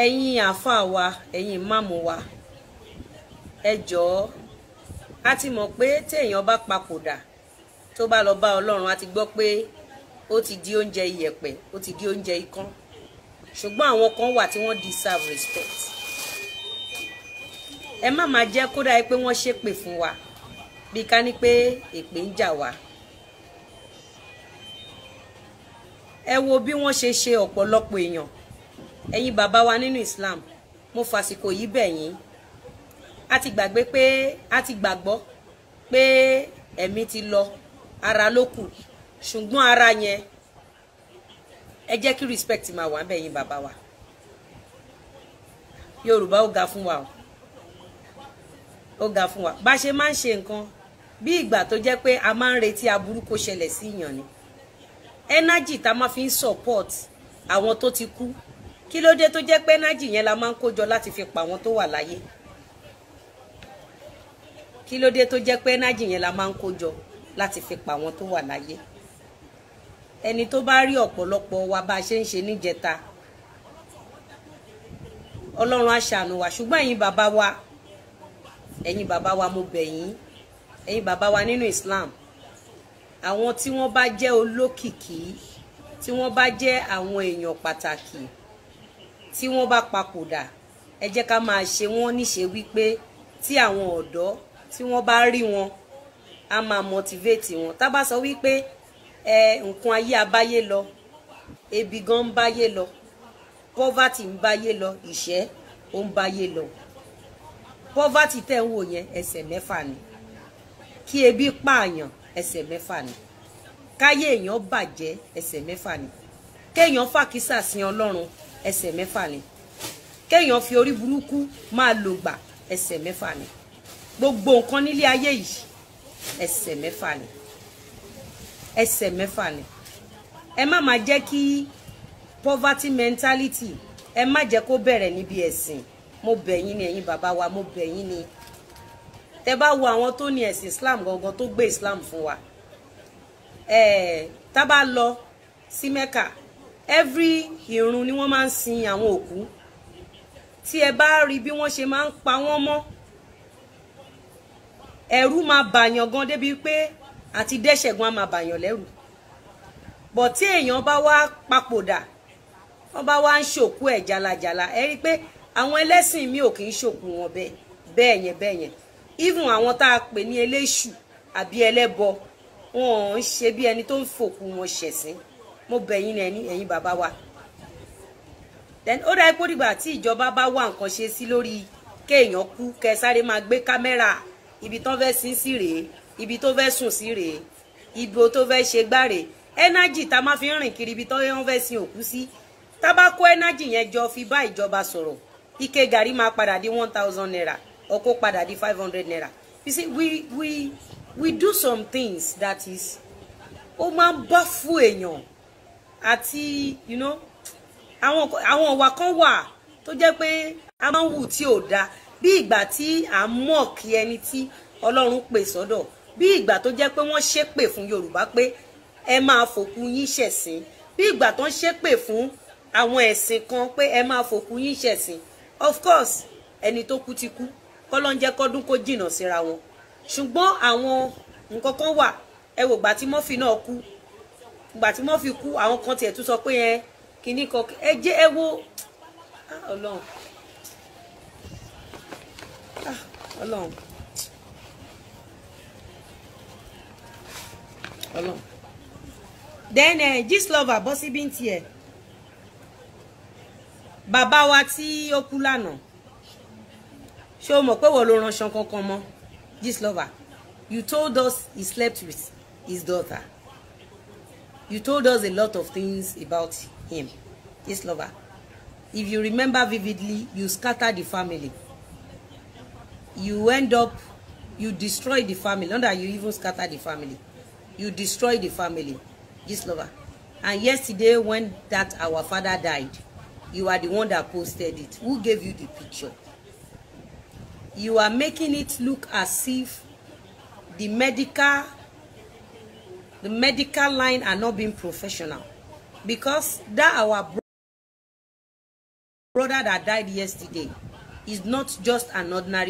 ẹ̀yin àáfàá wa ẹ̀yin ìmáàmù wa ẹ jọ̀ọ́ a ti mọ̀ pé téèyàn bá papòdà tó bá lọ bá ọlọ́run a ti gbọ́ pé ó ti di oúnjẹ iyẹ̀pẹ̀ ó ti di oúnjẹ ikán ṣùgbọ́n àwọn kan wà tí wọ́n deserve respect ẹ má máa jẹ́ kódà pé wọ́n ṣépè fún wa bí ká ní pé èpè ń jà wá ẹ wo bí wọ́n ṣe ṣe ọ̀pọ̀lọpọ̀ èèyàn ẹ̀yin bàbá wa nínú Islam mo fàsìkò yìí bẹ̀ yín a ti gbàgbé pé a ti gbàgbọ́ pé ẹ̀mí ti lọ ara ló kù ṣùgbọ́n ara yẹn ẹ jẹ́ kí respect máa wà bẹ̀ bàbá wa Yorùbá ó ga fún wa o ó ga fún wa bá ṣe máa ń ṣe nǹkan bí ìgbà tó jẹ́ pé a máa ń retí aburú ṣẹlẹ̀ sí ìyàn ni energy tá a máa fi ń support àwọn tó ti kú kí ló dé tó jẹ́ pé energy yẹn la máa ń kójọ láti fi pa àwọn tó wà láyé kí ló dé tó jẹ́ pé energy yẹn la máa ń kójọ láti fi pa àwọn tó wà láyé ẹni tó bá rí ọ̀pọ̀lọpọ̀ wa bá a ṣe ń ṣe níjẹta ọlọ́run á ṣàánú wa ṣùgbọ́n ẹ̀yin bàbá wa ẹ̀yin bàbá wa mo bẹ̀ yín ẹ̀yin bàbá wa nínú Islam àwọn tí wọ́n bá jẹ́ olókìkí tí wọ́n bá jẹ́ àwọn èèyàn pàtàkì tí wọ́n bá papòdà ẹ jẹ́ ká máa ṣe wọ́n níṣe wípé tí àwọn ọ̀dọ́ tí wọ́n bá rí wọn á máa motivate wọn tá a bá sọ wípé ẹ nǹkan ayé abáyé lọ ebi gan ń báyé lọ poverty ń báyé lọ ìṣẹ́ ó ń báyé lọ poverty tẹ̀ ń wò yẹn ẹsẹ̀ mẹ́fà ni kí ebi pààyàn ẹsẹ̀ mẹ́fà ni káyé èèyàn bàjẹ́ ẹsẹ̀ mẹ́fà ni kéèyàn fàkísà sin ọlọ́run ẹsẹ̀ mẹ́fà ni kéèyàn fi orí burúkú máa lò gbà ẹsẹ̀ mẹ́fà ni gbogbo nǹkan nílé ayé yìí ẹsẹ̀ mẹ́fà ni ẹsẹ̀ mẹ́fà ni ẹ má máa jẹ́ kí poverty mentality ẹ má jẹ́ kó bẹ̀rẹ̀ níbi ẹ̀sìn mo bẹ̀ yín ni ẹ̀yin bàbá wa mo bẹ̀ yín ni tẹ bá wo àwọn tó ní ẹ̀sìn Islam gangan tó gbé Islam fún wa ẹ̀ẹ́ tá bá lọ sí Mẹ́kà every ìrun ni wọ́n máa ń sin àwọn òkú tí ẹ bá rí bí wọ́n ṣe máa ń pa wọ́n mọ́ ẹ̀rù máa bàyàn gan débi pé àti dẹ́ṣẹ̀ gan á máa bàyàn lẹ́rù bọ̀ tí èèyàn bá wá papòdà wọ́n bá wá ń ṣòkú ẹ̀ jalajala ẹ rí i pé àwọn ẹlẹ́sìn mi ò kì í ṣòkú wọn bẹ́ẹ̀ bẹ́ẹ̀ yẹn bẹ́ẹ̀ yẹn even àwọn tá a pè ní eléṣù àbí ẹlẹ́bọ wọn ò ń ṣe bí ẹni tó ń fòkú wọn ṣẹ̀sín mo bẹ̀ yín ẹni ẹ̀yin bàbá wa ó dá ipò dìgbà tí ìjọba bá wá nǹkan ṣe sí lórí kéèyàn kú kẹ sáré máa gbé kámẹ́rà ibi tó fẹ́ sin sí rèé ibi tó fẹ́ sùn sí rèé ibo tó fẹ́ ṣe gbáre ẹnájì tá a máa fi ń rìn kiri ibi tó wọ́n fẹ́ sin òkú sí tá a bá kó ẹnájì yẹn jọ fi bá ìjọba sọ̀rọ̀ ike gàrí máa padà di one thousand naira ọkọ padà di five hundred naira you see we we we do some things that is ó máa ń bá fún èèyàn àti you know àwọn àwọn ìwà kan wà tó jẹ́ pé a máa ń hù tí ò dáa bí ìgbà tí à ń mọ̀ kí ẹni tí Ọlọ́run pè sọ́dọ̀ bí ìgbà tó jẹ́ pé wọ́n ṣépè fún Yorùbá pé ẹ máa fòkú yín ṣẹ̀sìn bí ìgbà tó ń ṣépè fún àwọn ẹ̀sìn kan pé ẹ máa fòkú yín ṣẹ̀sìn of course ẹni tó kú ti kú kọ́lọ́ ń jẹ́ kọ́dún kó jìnnà síra wọn ṣùgbọ́n àwọn nǹkan kan wà ẹ wògbà tí Murphy náà kú ìgbà tí wọ́n fi kú àwọn kan tiẹ̀ tún sọ pé yẹn kìíní kan ẹ jẹ́ ẹ wo ah, ọlọ́run ah, ọlọ́run ọlọ́run then uh, gist lover bọ́ síbí ń tiẹ̀ bàbá wa tí ó kú lánàá ṣé o mọ̀ pé wọ́n ló ránṣan kankan mọ́ gist lover you told us he slept with his daughter you told us a lot of things about him this lover if you remember vividly you scatter the family you end up you destroy the family not that you even scatter the family you destroy the family this lover and yesterday when that our father died you are the one that posted it who gave you the picture you are making it look as if the medical the medical line are not being professional because that our bro brother that died yesterday is not just an ordinary